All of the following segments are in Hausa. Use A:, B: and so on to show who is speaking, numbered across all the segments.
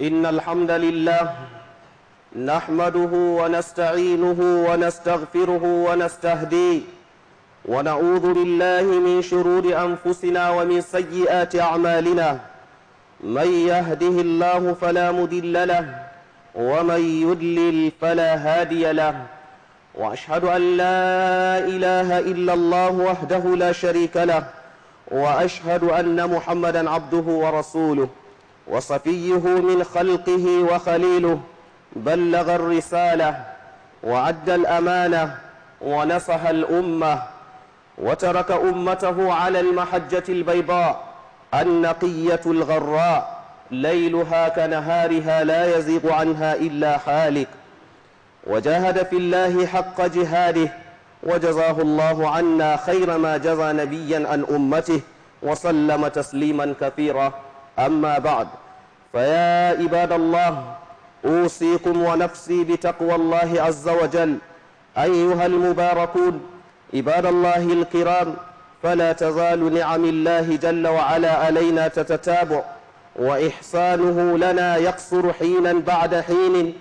A: إن الحمد لله نحمده ونستعينه ونستغفره ونستهديه ونعوذ بالله من شرور أنفسنا ومن سيئات أعمالنا من يهده الله فلا مدل له ومن يدلل فلا هادي له وأشهد أن لا إله إلا الله وحده لا شريك له وأشهد أن محمدا عبده ورسوله وصفيه من خلقه وخليله بلغ الرسالة وعد الأمانة ونصح الأمة وترك أمته على المحجة البيضاء النقية الغراء ليلها كنهارها لا يزيغ عنها إلا حالك وجاهد في الله حق جهاده وجزاه الله عنا خير ما جزى نبيا عن أمته وسلم تسليما كثيرا أما بعد فيا عباد الله أوصيكم ونفسي بتقوى الله عز وجل أيها المباركون عباد الله الكرام فلا تزال نعم الله جل وعلا علينا تتتابع وإحسانه لنا يقصر حينا بعد حين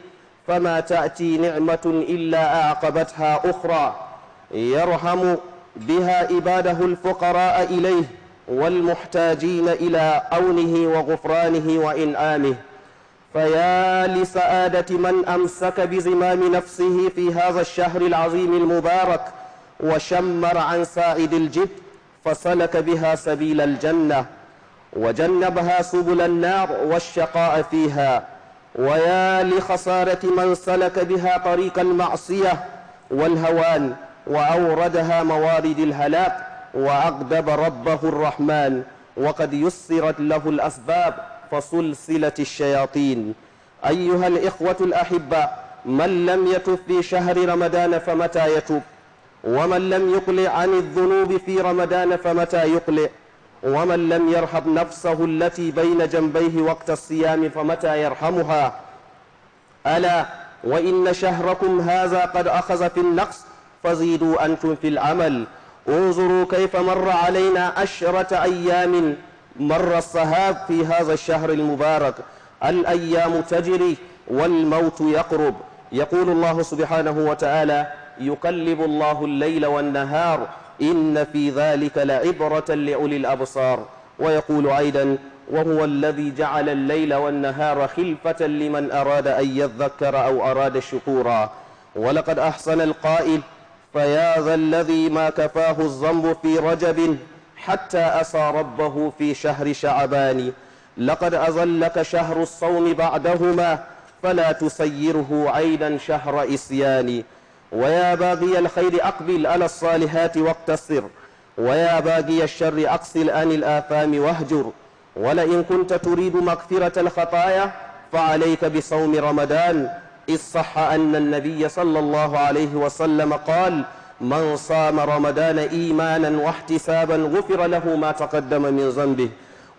A: فما تأتي نعمة إلا أعقبتها أخرى يرحم بها عباده الفقراء إليه والمحتاجين إلى أونه وغفرانه وإنعامه فيا لسعادة من أمسك بزمام نفسه في هذا الشهر العظيم المبارك وشمر عن سائد الجد فسلك بها سبيل الجنة وجنبها سبل النار والشقاء فيها ويا لخسارة من سلك بها طريق المعصية والهوان وأوردها موارد الهلاك وأغضب ربه الرحمن وقد يسرت له الأسباب فسلسلة الشياطين أيها الإخوة الأحبة من لم يتب في شهر رمضان فمتى يتوب ومن لم يقلع عن الذنوب في رمضان فمتى يقلع ومن لم يرحب نفسه التي بين جنبيه وقت الصيام فمتى يرحمها ألا وإن شهركم هذا قد أخذ في النقص فزيدوا أنتم في العمل انظروا كيف مر علينا عشرة أيام مر الصهاب في هذا الشهر المبارك الأيام تجري والموت يقرب يقول الله سبحانه وتعالى يقلب الله الليل والنهار إن في ذلك لعبرة لأولي الأبصار ويقول أيضا وهو الذي جعل الليل والنهار خلفة لمن أراد أن يذكر أو أراد شكورا ولقد أحسن القائل فيا ذا الذي ما كفاه الذنب في رجب حتى أسى ربه في شهر شعبان لقد أظلك شهر الصوم بعدهما فلا تسيره عينا شهر إسيان ويا باغي الخير أقبل على الصالحات واقتصر ويا باغي الشر أقصل أن الآثام واهجر ولئن كنت تريد مغفرة الخطايا فعليك بصوم رمضان إذ صح أن النبي صلى الله عليه وسلم قال من صام رمضان إيمانا واحتسابا غفر له ما تقدم من ذنبه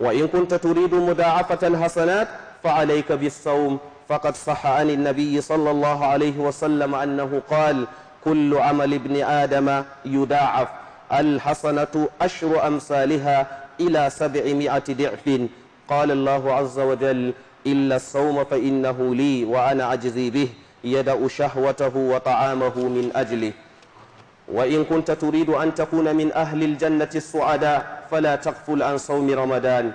A: وإن كنت تريد مداعفة الحسنات فعليك بالصوم فقد صح عن النبي صلى الله عليه وسلم أنه قال كل عمل ابن آدم يداعف الحسنة أشر أمثالها إلى سبعمائة ضعف قال الله عز وجل إلا الصوم فإنه لي وأنا أجزي به يدأ شهوته وطعامه من أجله وإن كنت تريد أن تكون من أهل الجنة السعداء فلا تغفل عن صوم رمضان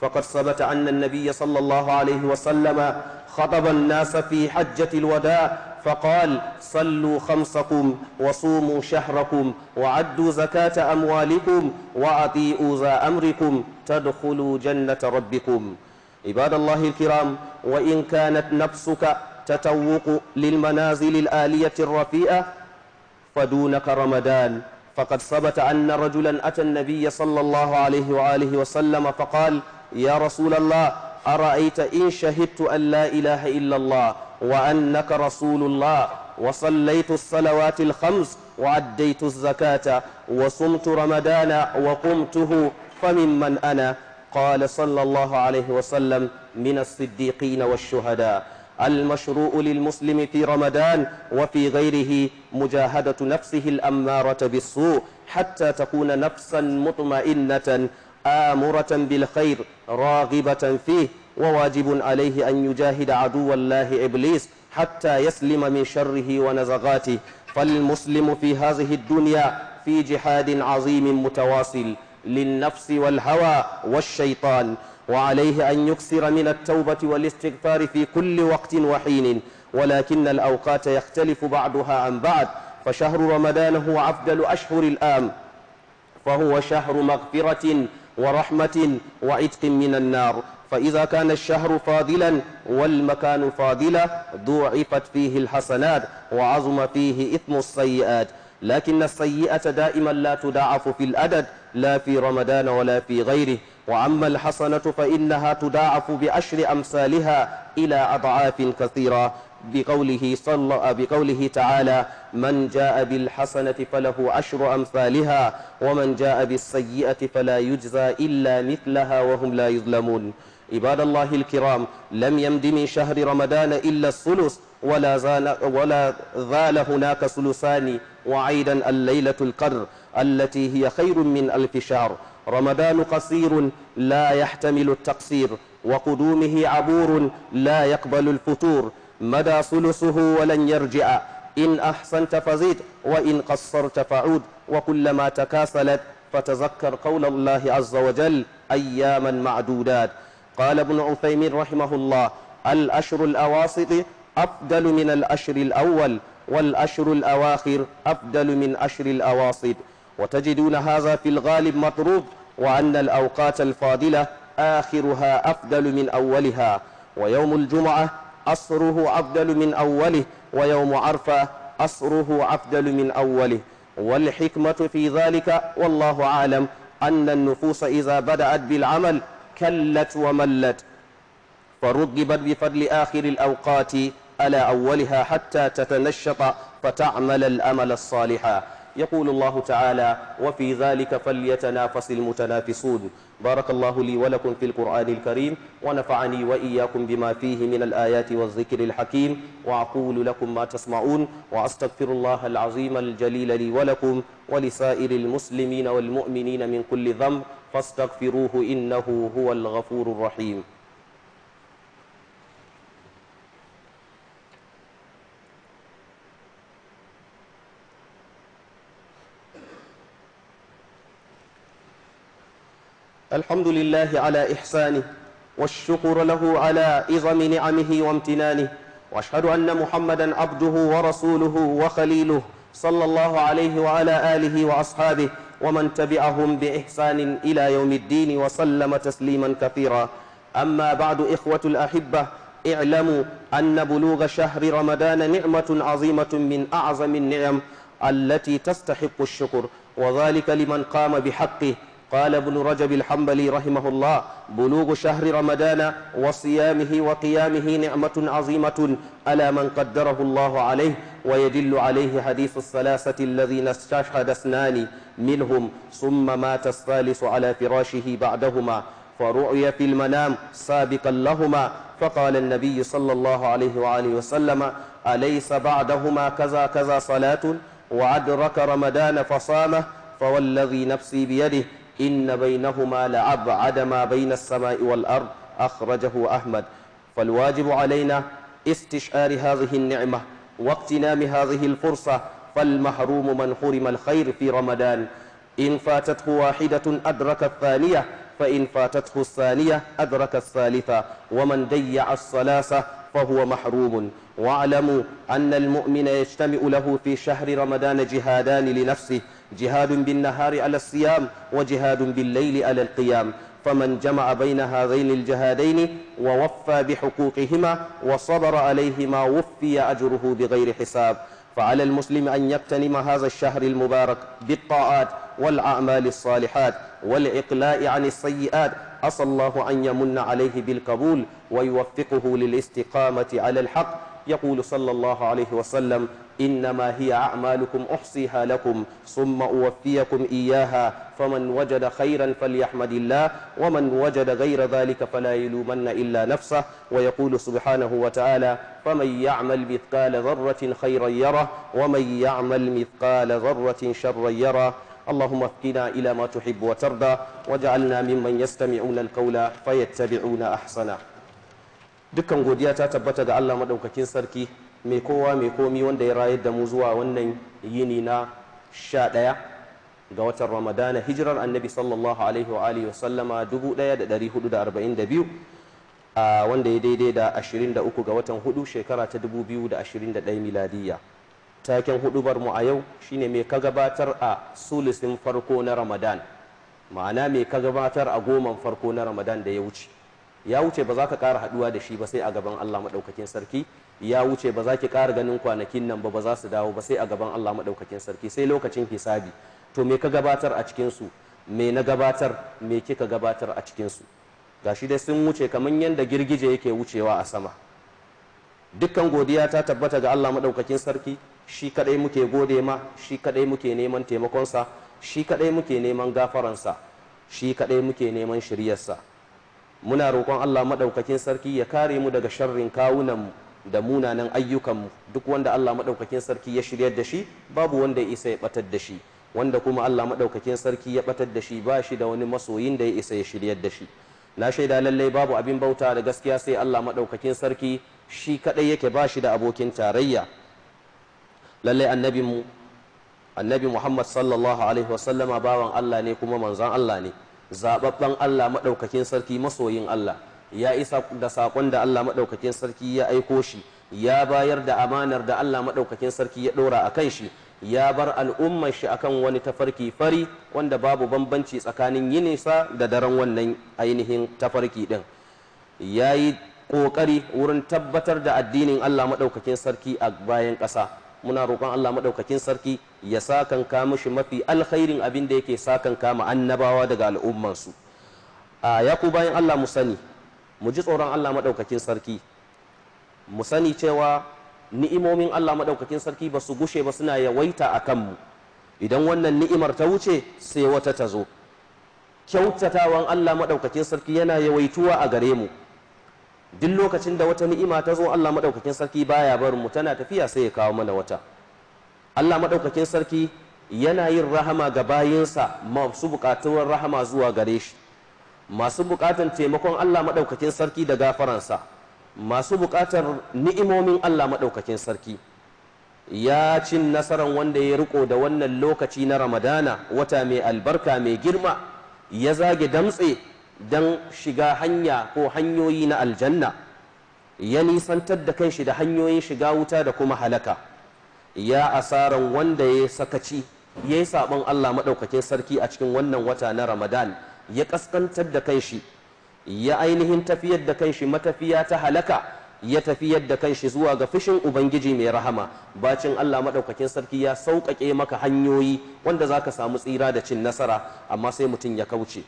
A: فقد ثبت أن النبي صلى الله عليه وسلم خطب الناس في حجة الوداع فقال صلوا خمسكم وصوموا شهركم وعدوا زكاة أموالكم وأطيئوا ذا أمركم تدخلوا جنة ربكم عباد الله الكرام وإن كانت نفسك تتوق للمنازل الآلية الرفيئة فدونك رمضان فقد ثبت أن رجلا أتى النبي صلى الله عليه وآله وسلم فقال يا رسول الله أرأيت إن شهدت أن لا إله إلا الله وأنك رسول الله وصليت الصلوات الخمس وعديت الزكاة وصمت رمضان وقمته فممن أنا قال صلى الله عليه وسلم من الصديقين والشهداء المشروع للمسلم في رمضان وفي غيره مجاهدة نفسه الأمارة بالسوء حتى تكون نفسا مطمئنة آمرة بالخير راغبة فيه وواجب عليه أن يجاهد عدو الله إبليس حتى يسلم من شره ونزغاته فالمسلم في هذه الدنيا في جهاد عظيم متواصل للنفس والهوى والشيطان وعليه أن يكثر من التوبة والاستغفار في كل وقت وحين ولكن الأوقات يختلف بعضها عن بعض فشهر رمضان هو أفضل أشهر الآم فهو شهر مغفرة ورحمة وعتق من النار فإذا كان الشهر فاضلا والمكان فاضلا ضعفت فيه الحسنات وعظم فيه إثم السيئات لكن السيئة دائما لا تضاعف في الأدد لا في رمضان ولا في غيره وأما الحسنة فإنها تضاعف بعشر أمثالها إلى أضعاف كثيرة بقوله, صلى بقوله تعالى من جاء بالحسنة فله عشر أمثالها ومن جاء بالسيئة فلا يجزى إلا مثلها وهم لا يظلمون عباد الله الكرام لم يمد من شهر رمضان إلا الثلث ولا زال, ولا زال هناك ثلثان وعيدا الليلة القدر التي هي خير من ألف شهر رمضان قصير لا يحتمل التقصير وقدومه عبور لا يقبل الفتور مدى ثلثه ولن يرجع إن أحسنت فزد وإن قصرت فعود وكلما تكاسلت فتذكر قول الله عز وجل أياما معدودات قال ابن عثيمين رحمه الله الأشر الأواسط أفضل من الأشر الأول والأشر الأواخر أفضل من أشر الأواصد وتجدون هذا في الغالب مطروب وأن الأوقات الفاضلة آخرها أفضل من أولها ويوم الجمعة أصره أفضل من أوله ويوم عرفة أصره أفضل من أوله والحكمة في ذلك والله أعلم أن النفوس إذا بدأت بالعمل كلت وملت فرغبت بفضل آخر الأوقات على أولها حتى تتنشط فتعمل الأمل الصالح يقول الله تعالى وفي ذلك فليتنافس المتنافسون بارك الله لي ولكم في القرآن الكريم ونفعني وإياكم بما فيه من الآيات والذكر الحكيم وأقول لكم ما تسمعون وأستغفر الله العظيم الجليل لي ولكم ولسائر المسلمين والمؤمنين من كل ذنب فاستغفروه إنه هو الغفور الرحيم الحمد لله على إحسانه والشكر له على إظم نعمه وامتنانه وأشهد أن محمدا عبده ورسوله وخليله صلى الله عليه وعلى آله وأصحابه ومن تبعهم بإحسان إلى يوم الدين وسلم تسليما كثيرا أما بعد إخوة الأحبة اعلموا أن بلوغ شهر رمضان نعمة عظيمة من أعظم النعم التي تستحق الشكر وذلك لمن قام بحقه قال ابن رجب الحنبلي رحمه الله بلوغ شهر رمضان وصيامه وقيامه نعمة عظيمة ألا من قدره الله عليه ويدل عليه حديث الثلاثة الذين استشهد اثنان منهم ثم مات الثالث على فراشه بعدهما فرؤي في المنام سابقا لهما فقال النبي صلى الله عليه وآله وسلم أليس بعدهما كذا كذا صلاة وأدرك رمضان فصامه فوالذي نفسي بيده إن بينهما لأبعد ما بين السماء والأرض أخرجه أحمد فالواجب علينا استشعار هذه النعمة واقتنام هذه الفرصة فالمحروم من حرم الخير في رمضان إن فاتته واحدة أدرك الثانية فإن فاتته الثانية أدرك الثالثة ومن ضيع الثلاثة فهو محروم واعلموا أن المؤمن يجتمع له في شهر رمضان جهادان لنفسه جهاد بالنهار على الصيام وجهاد بالليل على القيام فمن جمع بين هذين الجهادين ووفى بحقوقهما وصبر عليهما وفي أجره بغير حساب فعلى المسلم أن يغتنم هذا الشهر المبارك بالطاعات والأعمال الصالحات والإقلاء عن السيئات أسأل الله أن يمن عليه بالقبول ويوفقه للاستقامة على الحق يقول صلى الله عليه وسلم إنما هي أعمالكم أحصيها لكم ثم أوفيكم إياها فمن وجد خيرا فليحمد الله ومن وجد غير ذلك فلا يلومن إلا نفسه ويقول سبحانه وتعالى فمن يعمل مثقال ذرة خيرا يره ومن يعمل مثقال ذرة شرا يره اللهم اهدنا إلى ما تحب وترضى واجعلنا ممن يستمعون القول فيتبعون أحسنه dukkan godiya ta tabbata ga Allah maɗaukakin sarki mai kowa mai komi wanda ya rayar da mu zuwa wannan yini na sha ɗaya ga watan ramadana hijirar annabi sallallahu alaihi wa alihi wasallama 1442 wanda ya daidai da ashirin da uku ga watan hudu shekara ta dubu biyu da da ashirin 2021 miladiyya taken hudubar mu a yau shine mai ka gabatar a sulisin farko na ramadan ma'ana mai ka gabatar a goman farko na ramadan da ya wuce ya wuce ba za ka kara haduwa da shi ba sai a gaban allah maɗaukakin sarki ya wuce ba za ki kara ganin kwanakin nan ba ba za su dawo ba sai a gaban allah maɗaukakin sarki sai lokacin hisabi to me ka gabatar a cikinsu me na gabatar me kika gabatar a cikinsu gashi dai sun wuce kamar yadda girgije yake wucewa a sama dukkan godiya ta tabbata ga allah maɗaukakin sarki shi kadai muke gode ma shi kadai muke neman taimakonsa shi kadai muke neman gafaransa shi kadai muke neman shiryarsa muna roƙon Allah maɗaukakin sarki ya kare mu daga sharrin kawunanmu da munanan ayyukanmu duk wanda Allah maɗaukakin sarki ya shiryar da shi babu wanda ya isa ya batar da shi wanda kuma Allah maɗaukakin sarki ya batar da shi ba shi da wani masoyin da ya isa ya shiryar da shi na shaida lallai babu abin bauta da gaskiya sai Allah maɗaukakin sarki shi kaɗai yake ba shi da abokin tarayya lallai annabi Muhammad sallallahu alaihi wasallama bawan Allah ne kuma manzon Allah ne zababben Allah madaukakin sarki masoyin Allah ya isa da sakon da Allah madaukakin sarki ya aiko shi ya bayar da amanar da Allah madaukakin sarki ya a akan shi ya bar al'ummar shi akan wani tafarki fari wanda babu bambanci tsakanin yinisa da daren wannan ainihin tafarki din ya yi ƙoƙari wurin tabbatar da addinin Allah maɗaukakin sarki a bayan ƙasa muna roƙon Allah maɗaukakin sarki ya sa kama shi mafi alkhairin abin da yake kan ma annabawa daga al'ummansu a ya ku bayan Allah mu sani mu ji tsoron Allah maɗaukakin sarki mu sani cewa ni'imomin Allah maɗaukakin sarki ba su gushe ba suna yawaita a kanmu idan wannan ni'imar ta wuce sai wata ta zo kyautatawan Allah maɗaukakin sarki yana yawaituwa a gare mu duk lokacin da wata ni'ima ta zo Allah madaukakin sarki baya barin mu tana tafiya sai ya kawo mana wata Allah madaukakin sarki yana yin rahama ga bayinsa masu buƙatuwar rahama zuwa gare shi masu bukatan taimakon Allah madaukakin sarki da gafaransa masu bukatar ni'imomin Allah madaukakin sarki ya cin nasaran wanda ya riko da wannan lokaci na Ramadana wata mai albarka mai girma ya zage damtse don shiga hanya ko hanyoyi na aljanna ya nisantar da kanshi da hanyoyin shiga wuta da kuma halaka ya asaran wanda ya sakaci ya yi saɓon Allah maɗaukakin sarki a cikin wannan wata na ramadan ya ƙasƙantar da kanshi ya ainihin tafiyar da kanshi matafiya ta halaka ya tafiyar da kanshi zuwa ga fushin ubangiji mai rahama bacin Allah maɗaukakin sarki ya sauƙaƙe maka hanyoyi wanda za ka samu tsira da cin nasara amma sai mutum ya kauce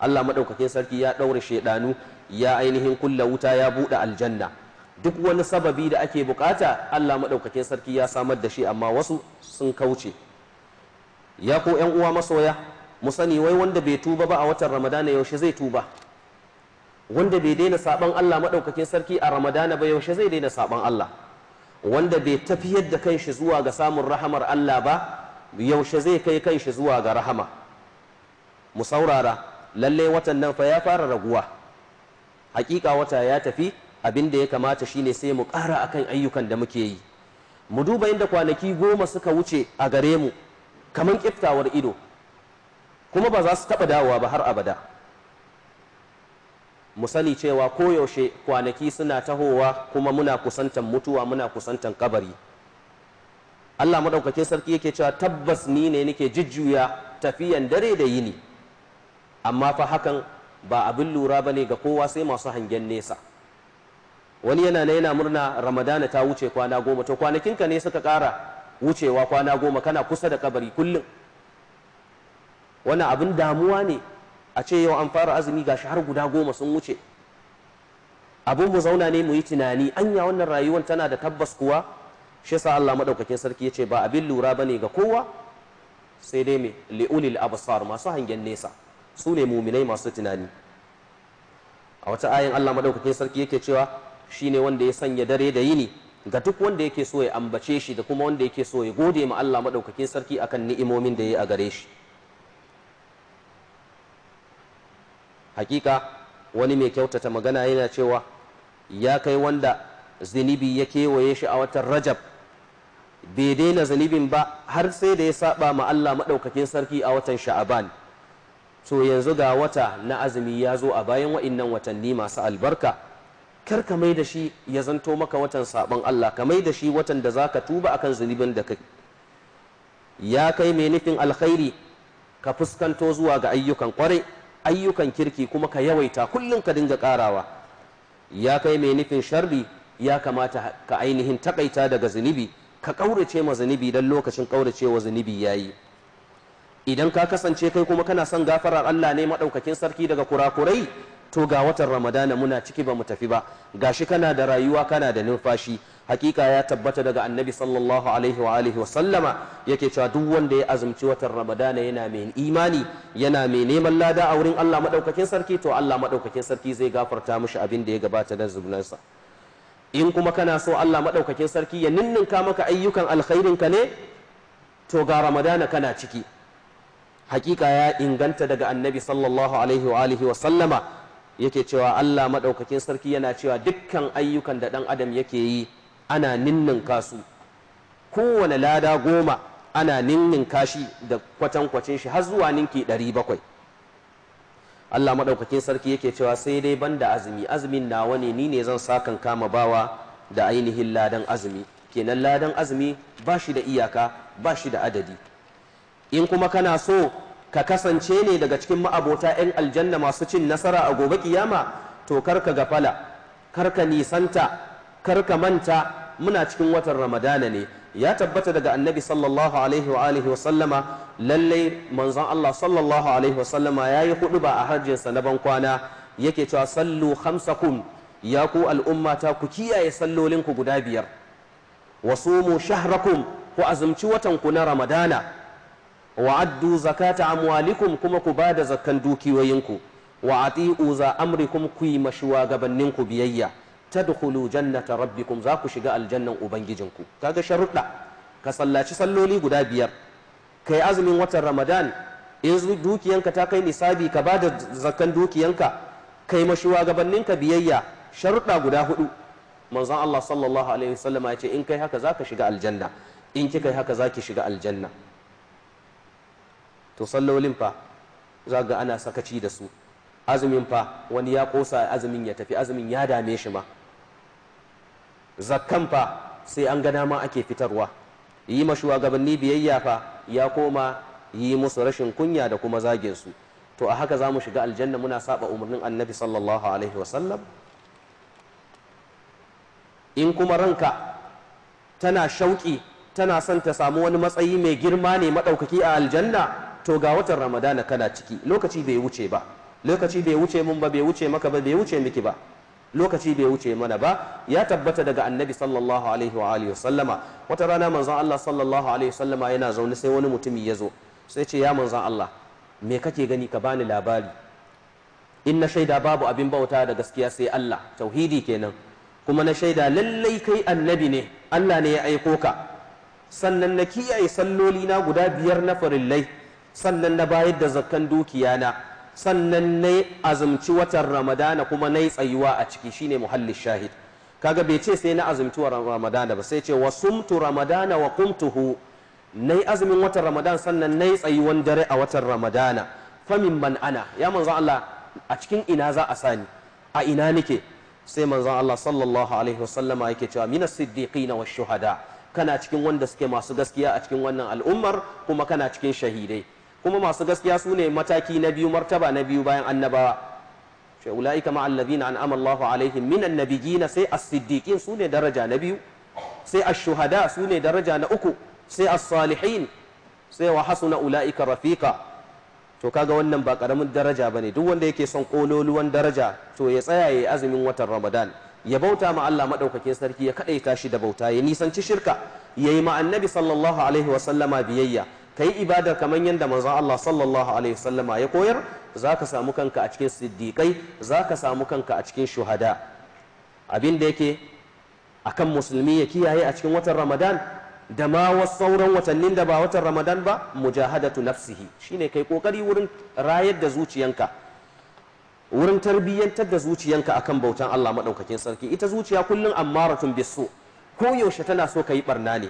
A: Allah madaukakin sarki ya daure shedanu ya ainihin kulla wuta ya bude aljanna duk wani sababi da ake bukata Allah madaukakin sarki ya samar da shi amma wasu sun kauce ya ko yan uwa masoya mu sani wai wanda bai tuba ba a watan Ramadana yaushe zai tuba wanda bai daina saban Allah madaukakin sarki a Ramadana ba yaushe zai daina saban Allah wanda bai tafiyar da kanshi zuwa ga samun rahamar Allah ba yaushe zai kai kanshi zuwa ga rahama mu saurara lalle watan nan fa ya fara raguwa hakika wata ya tafi abin da ya kamata shine sai mu ƙara akan ayyukan da muke yi mu duba inda kwanaki goma suka wuce a gare mu kamar kiftawar ido kuma ba za su taɓa dawowa ba har abada mu sani cewa koyaushe kwanaki suna tahowa kuma muna kusantan mutuwa muna kusantan kabari Allah madaukakin sarki yake cewa tabbas ni ne nake jujjuya tafiyan dare da yini amma fa hakan ba abin lura bane ga kowa sai masu hangen nesa wani yana na yana murna ramadana ta wuce kwana goma to kwanakinka ne suka kara wucewa kwana goma kana kusa da kabari kullum wannan abin damuwa ne a ce yau an fara azumi shi har guda goma sun wuce abin mu zauna ne mu yi tunani anya wannan rayuwar tana da tabbas kuwa shi sa Allah madaukakin sarki ya ce ba abin lura bane ga kowa sai dai me li'ulil absar masu hangen nesa su ne muminai masu tunani a wata ayin Allah maɗaukakin sarki yake cewa shi ne wanda ya sanya dare da yini ga duk wanda yake so ya ambace shi da kuma wanda yake so ya gode ma Allah maɗaukakin sarki akan ni'imomin da ya yi a gare shi hakika wani mai kyautata magana yana cewa ya kai wanda zinibi ya kewaye shi a watan rajab bai daina zunubin ba har sai da ya saba ma Allah maɗaukakin sarki a watan sha'aban so yanzu ga wata na azumi ya zo a bayan wa'innan watanni masu albarka kar ka mai da shi ya zanto maka watan sabon Allah ka mai da shi watan da za ka tuba akan zunubin da kai ya kai mai nufin alkhairi ka fuskanto zuwa ga ayyukan kwarai ayyukan kirki kuma ka yawaita kullum ka dinga karawa ya kai mai nufin sharri ya kamata ka ainihin takaita daga zunubi ka kaurace ma zunubi don lokacin kaurace wa ya yi. idan ka kasance kai kuma kana son gafarar Allah ne maɗaukakin sarki daga kurakurai to ga watan ramadana muna ciki ba mu tafi ba gashi kana da rayuwa kana da numfashi hakika ya tabbata daga annabi sallallahu alaihi wa alihi wa sallama yake cewa duk wanda ya azumci watan ramadana yana mai imani yana mai neman lada a wurin Allah maɗaukakin sarki to Allah maɗaukakin sarki zai gafarta mishi abin da ya gabata da zubunansa in kuma kana so Allah maɗaukakin sarki ya ninninka maka ayyukan alkhairinka ne to ga ramadana kana ciki hakika ya inganta daga annabi sallallahu alaihi wa alihi wa sallama yake cewa Allah madaukakin sarki yana cewa dukkan ayyukan da dan adam yake yi ana ninnin kasu kowane lada goma ana ninnin kashi da kwacin shi har zuwa ninki ɗari Allah madaukakin sarki yake cewa sai dai banda azumi azumin na ne ni ne zan sakan kama bawa da ainihin ladan azumi kenan ladan azumi bashi da iyaka bashi da adadi in kuma kana so ka kasance ne daga cikin ma'abota 'yan aljanna masu cin nasara a gobe kiyama to karka gafala karka nisanta karka manta muna cikin watan ramadana ne ya tabbata daga annabi sallallahu alaihi wa alihi wa sallama manzon Allah sallallahu alaihi wa sallama yayi hudu ba a harjinsa na ban kwana yake cewa sallu khamsakum ya ku al'umma ta ku kiyaye sallolinku guda biyar wa sumu shahrakum ku azumci watan ku na ramadana wa zakata amwalikum kuma ku bada zakkan dukiyoyinku wa ati'u za amrikum ku yi mashuwagabannin ku biyayya tadkhulu jannata rabbikum za ku shiga aljannan ubangijinku kaga sharuɗa ka sallaci salloli guda biyar kai azumin watan ramadan in dukiyanka ta kai nisabi ka bada zakkan dukiyanka kai ka biyayya sharuɗa guda hudu manzon Allah sallallahu alaihi wasallama ya ce in kai haka zaka shiga aljanna in kika haka zaki shiga aljanna to sallolin fa za ga ana sakaci da su azumin fa wani ya kosa azumin ya tafi azumin ya dame shi ma zakkan fa sai an ga dama ake fitarwa yi ma shugabanni biyayya fa ya koma yi musu rashin kunya da kuma zagin su to a haka za mu shiga aljanna muna saba umarnin annabi sallallahu alaihi wasallam in kuma ranka tana shauƙi tana son ta samu wani matsayi mai girma ne maɗaukaki a aljanna to ga watan ramadana kana ciki lokaci bai wuce ba lokaci bai wuce mun ba bai wuce maka ba bai wuce miki ba lokaci bai wuce mana ba ya tabbata daga annabi sallallahu alaihi wa alihi sallama wata rana manzon Allah sallallahu alaihi sallama yana zaune sai wani mutumi ya zo sai ce ya manzon Allah me kake gani ka bani labari in na shaida babu abin bauta da gaskiya sai Allah tauhidi kenan kuma na shaida lallai kai annabi ne Allah ne ya aiko ka sannan na kiyaye salloli na guda biyar na farillai sannan na bayar da zakkan dukiya na sannan na azumci watan ramadana kuma na tsayuwa a ciki shine muhallin shahid kaga bai ce sai na azumci wa ramadana ba sai ce wa sumtu ramadana wa qumtuhu na azumin watan ramadan sannan na tsayuwan dare a watan ramadana famin man ana ya manzo Allah a cikin ina za a sani a ina nake sai manzon Allah sallallahu alaihi wasallama yake cewa minas siddiqina wash shuhada kana cikin wanda suke masu gaskiya a cikin wannan al'ummar kuma kana cikin shahidai kuma masu gaskiya su ne mataki na biyu martaba na biyu bayan annabawa shi ula'ika ma allazina an Allahu alaihim minan nabiyina sai as-siddiqin su ne daraja na biyu sai ash-shuhada su ne daraja na uku sai as-salihin sai wa hasuna ula'ika rafiqa to kaga wannan ba karamin daraja bane duk wanda yake son kololuwan daraja to ya tsaya yayi azumin watan Ramadan ya bauta ma Allah madaukakin sarki ya kadaita shi da bauta ya nisanci shirka yayi ma annabi sallallahu alaihi wa sallama biyayya ka yi ibada kamar yadda manzon Allah sallallahu alaihi wasallama ya koyar za ka samu kanka a cikin siddiƙai za ka samu kanka a cikin shuhada abin da yake akan musulmi ya kiyaye a cikin watan ramadan da ma sauran watannin da ba watan ramadan ba mujahadatu nafsihi shine kai kokari wurin rayar da zuciyanka wurin tarbiyyantar da zuciyanka akan bautan Allah madaukakin sarki ita zuciya kullun ammaratun bisu ko yaushe tana so ka yi barna ne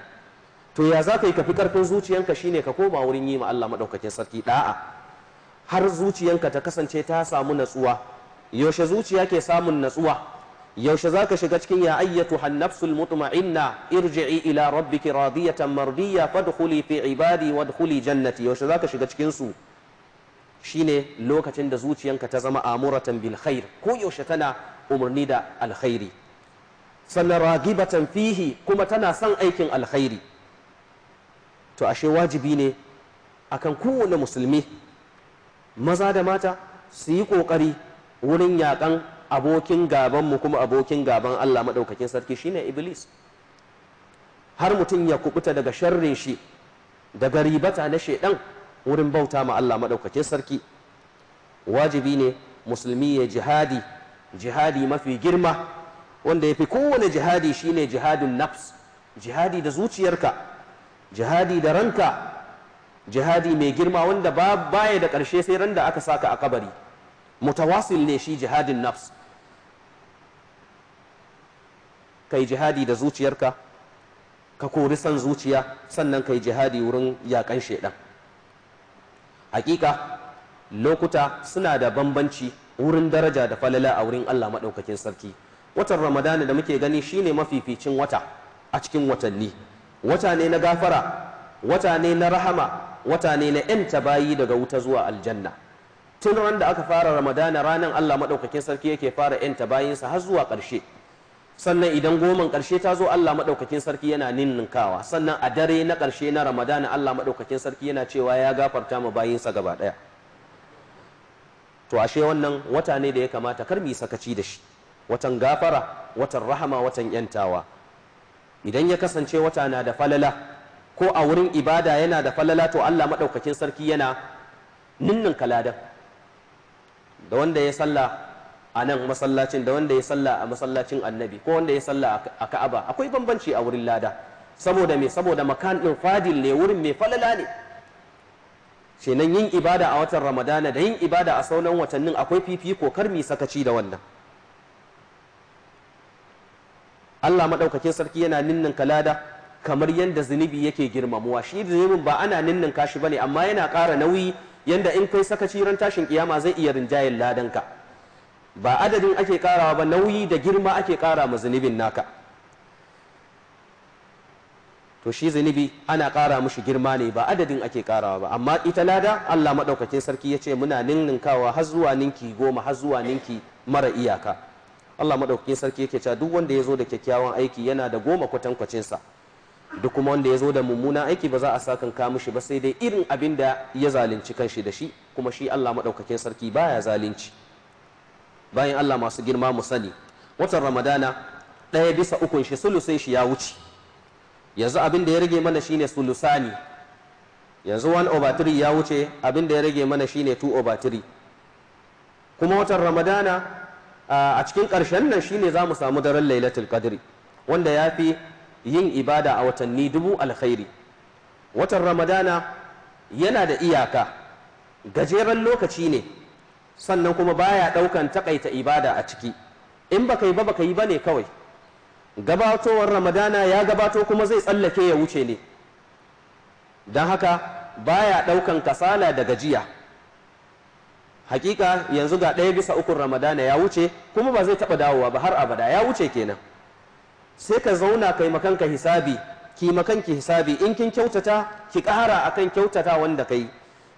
A: to ya za ka yi ka fi karfin zuciyanka shine ka koma wurin yi ma Allah maɗaukakin sarki ɗa'a har zuciyanka ta kasance ta samu natsuwa yaushe zuciya ke samun natsuwa yaushe za ka shiga cikin ya ayyatu hannafsul mutma'inna irji'i ila rabbiki radiyatan mardiya fadkhuli fi ibadi wadkhuli jannati yaushe za ka shiga cikin su shine lokacin da zuciyanka ta zama amuratan bil khair ko yaushe tana umarni da alkhairi sannan ragibatan fihi kuma tana son aikin alkhairi to ashe wajibi ne akan kowane musulmi maza da mata su yi kokari wurin yaƙan abokin gabanmu kuma abokin gaban Allah maɗaukakin sarki shine iblis har mutum ya kubuta daga sharrin shi daga ribata na shaidan wurin bauta ma Allah maɗaukakin sarki wajibi ne musulmi ya jihadi jihadi mafi girma wanda ya fi kowane jihadi shine jihadin nafs jihadi da zuciyarka jihadi da ranka jihadi mai girma wanda ba baya da ƙarshe sai ran da aka saka a kabari mutawasil ne shi jihadin nafs kai jihadi da zuciyarka ka kori san zuciya sannan kai jihadi wurin yakan shaidan hakika lokuta suna da bambanci wurin daraja da falala a wurin Allah maɗaukakin sarki watan ramadana da muke gani shine mafificin wata a cikin watanni wata ne na gafara wata ne na rahama wata ne na yanta bayi daga wuta zuwa aljanna tun ran da aka fara ramadana ranar allah maɗaukakin sarki yake fara yanta bayinsa har zuwa ƙarshe sannan idan goman ƙarshe ta zo allah maɗaukakin sarki yana ninninkawa sannan a dare na ƙarshe na ramadana allah maɗaukakin sarki yana cewa ya gafarta ma bayinsa gaba ɗaya to ashe wannan wata ne da ya kamata kar mu yi sakaci da shi watan gafara watan rahama watan yantawa idan ya kasance wata na da falala ko a wurin ibada yana da falala to Allah maɗaukakin sarki yana ninnin kaladan da wanda ya salla a nan masallacin da wanda ya salla a masallacin annabi ko wanda ya salla a ka'aba akwai bambanci a wurin lada saboda me saboda makan ɗin fadil ne wurin mai falala ne kenan yin ibada a watan ramadana da yin ibada a sauran watannin akwai fifiko kokar mi sakaci da wannan Allah maɗaukakin sarki yana ninninka lada kamar yadda zunubi yake girmamuwa shi zunubin ba ana ninninka shi bane amma yana ƙara nauyi yadda in kai sakaci ran tashin kiyama zai iya rinjayen ladanka ba adadin ake karawa ba nauyi da girma ake kara ma zunubin naka to shi zunubi ana kara mushi girma ne ba adadin ake karawa ba amma ita lada Allah maɗaukakin sarki ya ce muna ninninkawa har zuwa ninki goma har zuwa ninki mara iyaka Allah madaukakin sarki yake cewa duk wanda ya zo da kyakkyawan aiki yana da goma kwatankwacin sa duk kuma wanda ya zo da mummunan aiki ba za a sakan ka mishi ba sai dai irin abin da ya zalunci kanshi da shi kuma shi Allah madaukakin sarki baya zalunci bayan Allah masu girma mu sani watan Ramadana ɗaya bisa ukun shi sulusai shi ya wuce yanzu abin da ya rage mana shine sulusani yanzu 1 over ya wuce abin da ya rage mana shine 2 over kuma watan Ramadana a cikin ƙarshen nan shi ne za mu samu daren lailatul qadri wanda ya fi yin ibada a watanni dubu alkhairi watan ramadana yana da iyaka gajeren lokaci ne sannan kuma baya ɗaukan takaita ibada a ciki in baka yi ba baka yi ba kawai gabatowar ramadana ya gabato kuma zai tsallake ya wuce ne don haka baya ɗaukan kasala da gajiya hakika yanzu ga ɗaya bisa ukun ramadana ya wuce kuma ba zai taɓa dawowa ba har abada ya wuce kenan sai ka zauna kai makanka hisabi ki makanki hisabi in kin kyautata ki ƙara akan kyautata wanda kai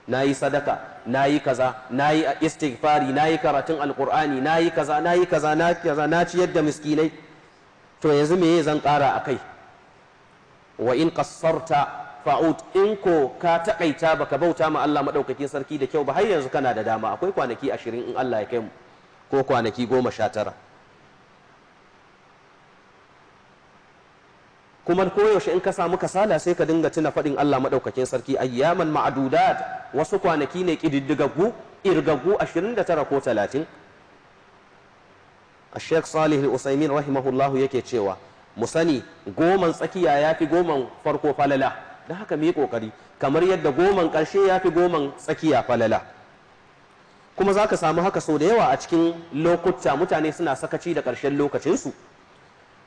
A: nayi sadaka nayi kaza nayi istighfari nayi karatun alqur'ani nayi kaza nayi kaza na kaza na ciyar da miskinai to yanzu me zan ƙara akai wa in qassarta fa'ud in ko ka takaita baka bauta ma Allah madaukakin sarki da kyau ba har yanzu kana da dama akwai kwanaki ashirin in Allah ya kai mu ko kwanaki goma sha tara kuma koyaushe in ka samu kasala sai ka dinga tuna faɗin Allah maɗaukakin sarki ayyaman ma'dudat wasu kwanaki ne ƙididdigaggu irgaggu 29 ko 30 a sheikh salih usaimin rahimahullahu yake cewa musani sani goman tsakiya yafi fi goman farko falala don haka mu kokari kamar yadda goman karshe ya fi goman tsakiya falala kuma za ka samu haka sau da yawa a cikin lokuta mutane suna sakaci da ƙarshen lokacinsu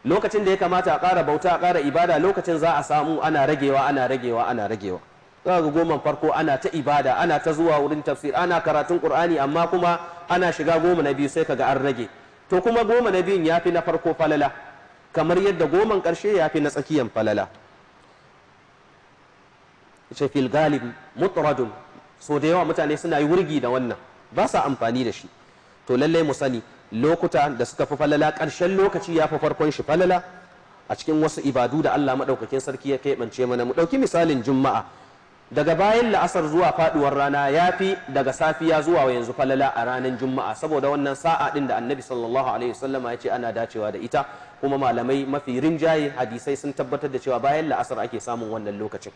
A: lokacin da ya kamata a ƙara bauta a ƙara ibada lokacin za a samu ana ragewa ana ragewa ana ragewa za ga goman farko ana ta ibada ana ta zuwa wurin tafsir ana karatun ƙur'ani amma kuma ana shiga goma na biyu sai ka ga an rage to kuma goma na biyun ya fi na farko falala kamar yadda goman ƙarshe ya fi na tsakiyan falala yace fil galibi mutradun so da yawa mutane suna yi wurgi da wannan ba sa amfani da shi to lallai mu sani lokuta da suka fi falala ƙarshen lokaci ya fi farkon shi falala a cikin wasu ibadu da Allah maɗaukakin sarki ya keɓance mana mu ɗauki misalin juma'a daga bayan la'asar zuwa faɗuwar rana ya fi daga safiya zuwa yanzu falala a ranar juma'a saboda wannan sa'a ɗin da annabi sallallahu alaihi wasallama ya ce ana dacewa da ita kuma malamai mafi rinjaye hadisai sun tabbatar da cewa bayan la'asar ake samun wannan lokacin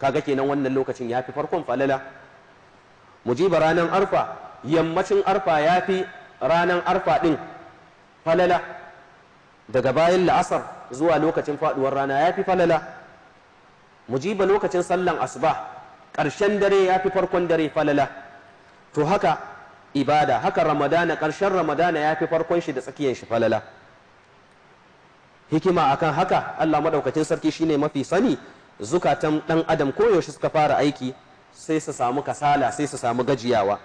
A: kaga kenan wannan lokacin ya fi farkon falala mujiba ranar arfa yammacin arfa ya fi ranar arfa ɗin falala daga bayan la'asar zuwa lokacin faɗuwar rana ya fi falala mujiba lokacin sallan asuba ƙarshen dare ya fi farkon dare falala to haka ibada haka ramadana ƙarshen ramadana ya fi farkon shi da tsakiyan shi falala hikima akan haka Allah maɗaukacin sarki shine mafi sani zukatan ɗan adam koyaushe suka fara aiki sai su samu kasala sai su samu gajiyawa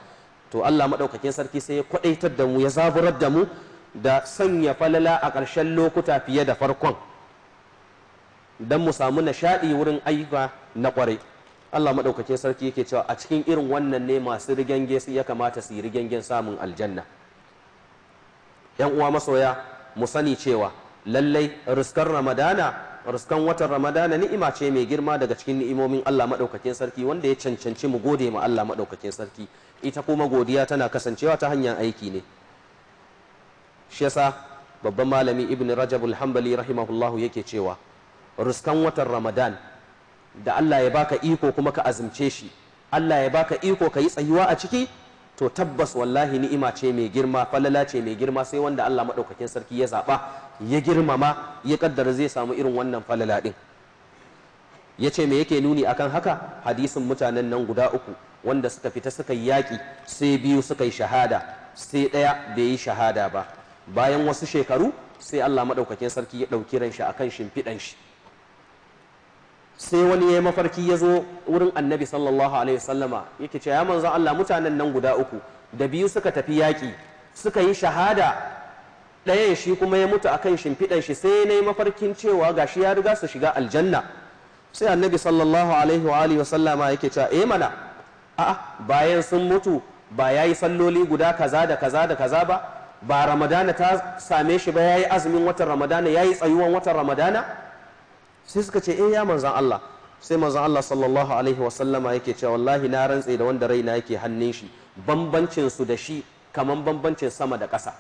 A: to Allah maɗaukakin sarki sai ya kwaɗaitar da mu ya zaburar da mu da sanya falala a ƙarshen lokuta fiye da farkon don mu samu nishaɗi wurin ayyuka na ƙwarai Allah maɗaukakin sarki yake cewa a cikin irin wannan ne masu rigenge su ya kamata su yi rigengen samun aljanna yan uwa masoya mu sani cewa lallai riskar ramadana ruskan watan ramadana ni'ima ce mai girma daga cikin ni'imomin Allah maɗaukakin sarki wanda ya cancanci mu gode ma Allah maɗaukakin sarki ita kuma godiya tana kasancewa ta hanyar aiki ne shi yasa babban malami ibn rajab al-hanbali rahimahullahu yake cewa ruskan watan ramadan da Allah ya baka iko kuma ka azumce shi Allah ya baka iko ka yi tsayuwa a ciki to tabbas wallahi ni'ima ce mai girma falala ce mai girma sai wanda Allah maɗaukakin sarki ya zaɓa ya girmama ya kaddara zai samu irin wannan falala ɗin ya ce me yake nuni akan haka hadisin mutanen nan guda uku wanda suka fita suka yi yaƙi sai biyu suka yi shahada sai ɗaya bai yi shahada ba bayan wasu shekaru sai Allah maɗaukakin sarki ya ɗauki ran shi akan shimfiɗan shi sai wani ya mafarki ya zo wurin annabi sallallahu alaihi wasallama yake ce ya manzo Allah mutanen nan guda uku da biyu suka tafi yaƙi suka yi shahada ɗayan shi kuma ya mutu akan shimfiɗan shi sai na yi mafarkin cewa gashi ya riga su shiga aljanna sai annabi sallallahu alaihi wa alihi wasallama yake cewa eh mana a'a bayan sun mutu ba yayi salloli guda kaza da kaza da kaza ba ba ramadana ta same shi ba yayi azumin watan ramadana ya yi tsayuwan watan ramadana sai suka ce eh ya manzan Allah sai manzan Allah sallallahu alaihi wasallama yake cewa wallahi na rantse da wanda raina yake hannun shi bambancin su da shi kaman bambancin sama da ƙasa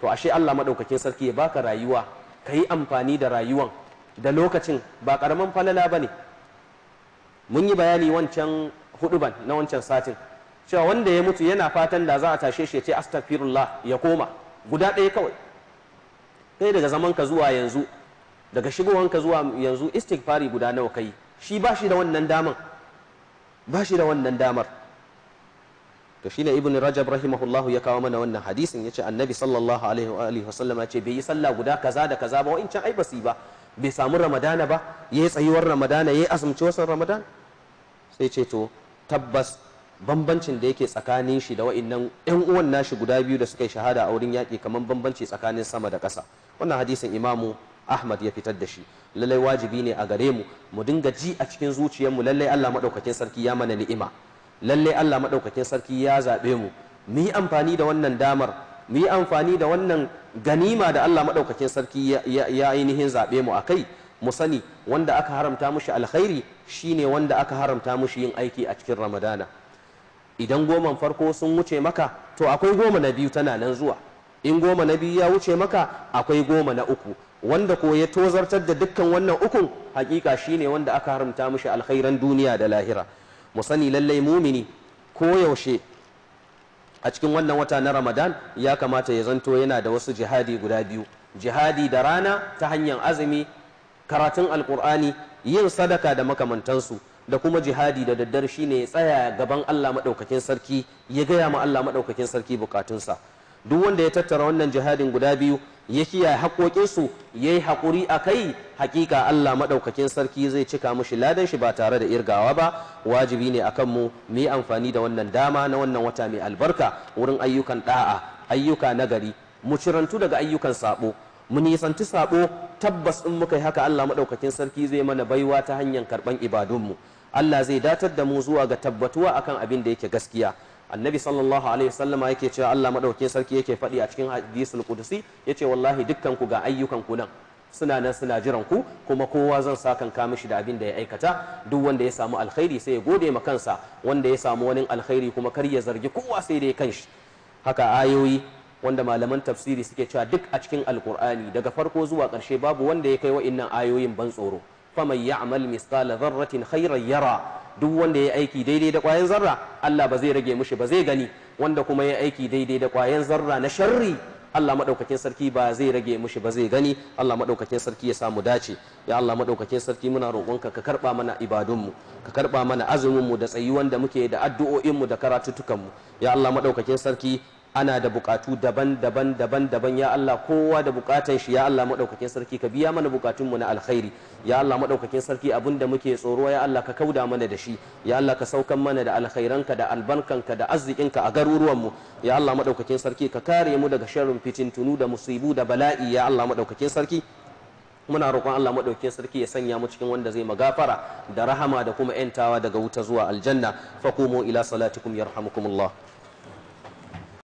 A: to ashe Allah madaukakin sarki ya baka rayuwa ka yi amfani da rayuwan da lokacin ba karaman falala bane mun yi bayani wancan huduban na wancan satin cewa wanda ya mutu yana fatan da za a tashe shi ya ce astaghfirullah ya koma guda ɗaya kawai kai daga zaman ka zuwa yanzu daga shigowanka zuwa yanzu istighfari guda nawa kai shi ba shi da wannan damar ba shi da wannan damar to shine ibn rajab rahimahullahu ya kawo mana wannan hadisin yace annabi sallallahu alaihi wa alihi wasallama ce bai yi sallah guda kaza da kaza ba wa'incan ai basi ba bai samu ramadana ba yayi tsayuwar ramadana yayi azumci wasan ramadana sai ce to tabbas bambancin da yake tsakanin shi da wa'innan yan uwan nashi guda biyu da suka yi shahada a wurin yaƙi kamar bambanci tsakanin sama da ƙasa wannan hadisin imamu Ahmad ya fitar da shi lallai wajibi ne a gare mu mu dinga ji a cikin zuciyar mu lallai Allah madaukakin sarki ya mana ni'ima lallai Allah madaukakin sarki ya zabe mu mu yi amfani da wannan damar mu yi amfani da wannan ganima da Allah madaukakin sarki ya ainihin zabe mu kai mu sani wanda aka haramta mushi alkhairi shine wanda aka haramta mushi yin aiki a cikin Ramadana idan goman farko sun wuce maka to akwai goma na biyu tana nan zuwa in goma na biyu ya wuce maka akwai goma na uku wanda ko ya tozartar da dukkan wannan ukun hakika shine wanda aka haramta mishi alkhairan duniya da lahira mu sani lallai mumini ko yaushe a cikin wannan wata na ramadan ya kamata ya zanto yana da wasu jihadi guda biyu jihadi da rana ta hanyar azumi karatun alkur'ani yin sadaka da makamantansu da kuma jihadi da daddare shine ya tsaya gaban allah maɗaukakin sarki ya gaya ma allah maɗaukakin sarki bukatunsa duk wanda ya tattara wannan jihadin guda biyu ya kiyaye haƙoƙinsu ya yi haƙuri a kai hakika Allah maɗaukakin sarki zai cika mushi ladan shi ba tare da irgawa ba wajibi ne akan mu mu amfani da wannan dama na wannan wata mai albarka wurin ayyukan ɗa'a ayyuka nagari mu cirantu daga ayyukan saɓo mu nisanci sabo tabbas in muka yi haka Allah maɗaukakin sarki zai mana baiwa ta hanyar karɓan ibadunmu Allah zai datar da mu zuwa ga tabbatuwa akan abin da yake gaskiya annabi sallallahu alaihi wasallama yake cewa Allah madaukakin sarki yake faɗi a cikin hadisul qudsi yace wallahi dukkan ku ga ayyukan ku nan suna nan suna jiran ku kuma kowa zan sa kan ka mishi da abin da ya aikata duk wanda ya samu alkhairi sai ya gode ma kansa wanda ya samu wani alkhairi kuma kar ya zargi kowa sai dai kanshi haka ayoyi wanda malaman tafsiri suke cewa duk a cikin alkur'ani daga farko zuwa ƙarshe babu wanda ya kai wa'innan ayoyin ban tsoro faman ya'mal misqala dharratin khairan yara duk wanda ya aiki daidai da kwayan zarra Allah ba zai rage mushi ba zai gani wanda kuma ya aiki daidai da kwayan zarra na sharri Allah maɗaukakin sarki ba zai rage mushi ba zai gani Allah maɗaukakin sarki ya samu dace ya Allah maɗaukakin sarki muna roƙonka ka karɓa mana ibadunmu ka karɓa mana azuminmu da tsayuwan da muke da addu'o'inmu da karatutukanmu ya Allah maɗaukakin sarki ana da bukatu daban-daban daban-daban ya Allah kowa da bukatan shi ya Allah madaukakin sarki ka biya mana bukatun mu na alkhairi ya Allah madaukakin sarki abinda muke tsoro ya Allah ka kauda mana da shi ya Allah ka saukan mana da alkhairanka da albarkanka da arzikinka a garuruwan mu ya Allah madaukakin sarki ka kare mu daga sharrin fitintunu da musibu da bala'i ya Allah madaukakin sarki muna roƙon Allah maɗaukin sarki ya sanya mu cikin wanda zai magafara da rahama da kuma 'yantawa daga wuta zuwa aljanna faqumu ila salatikum yarhamukumullah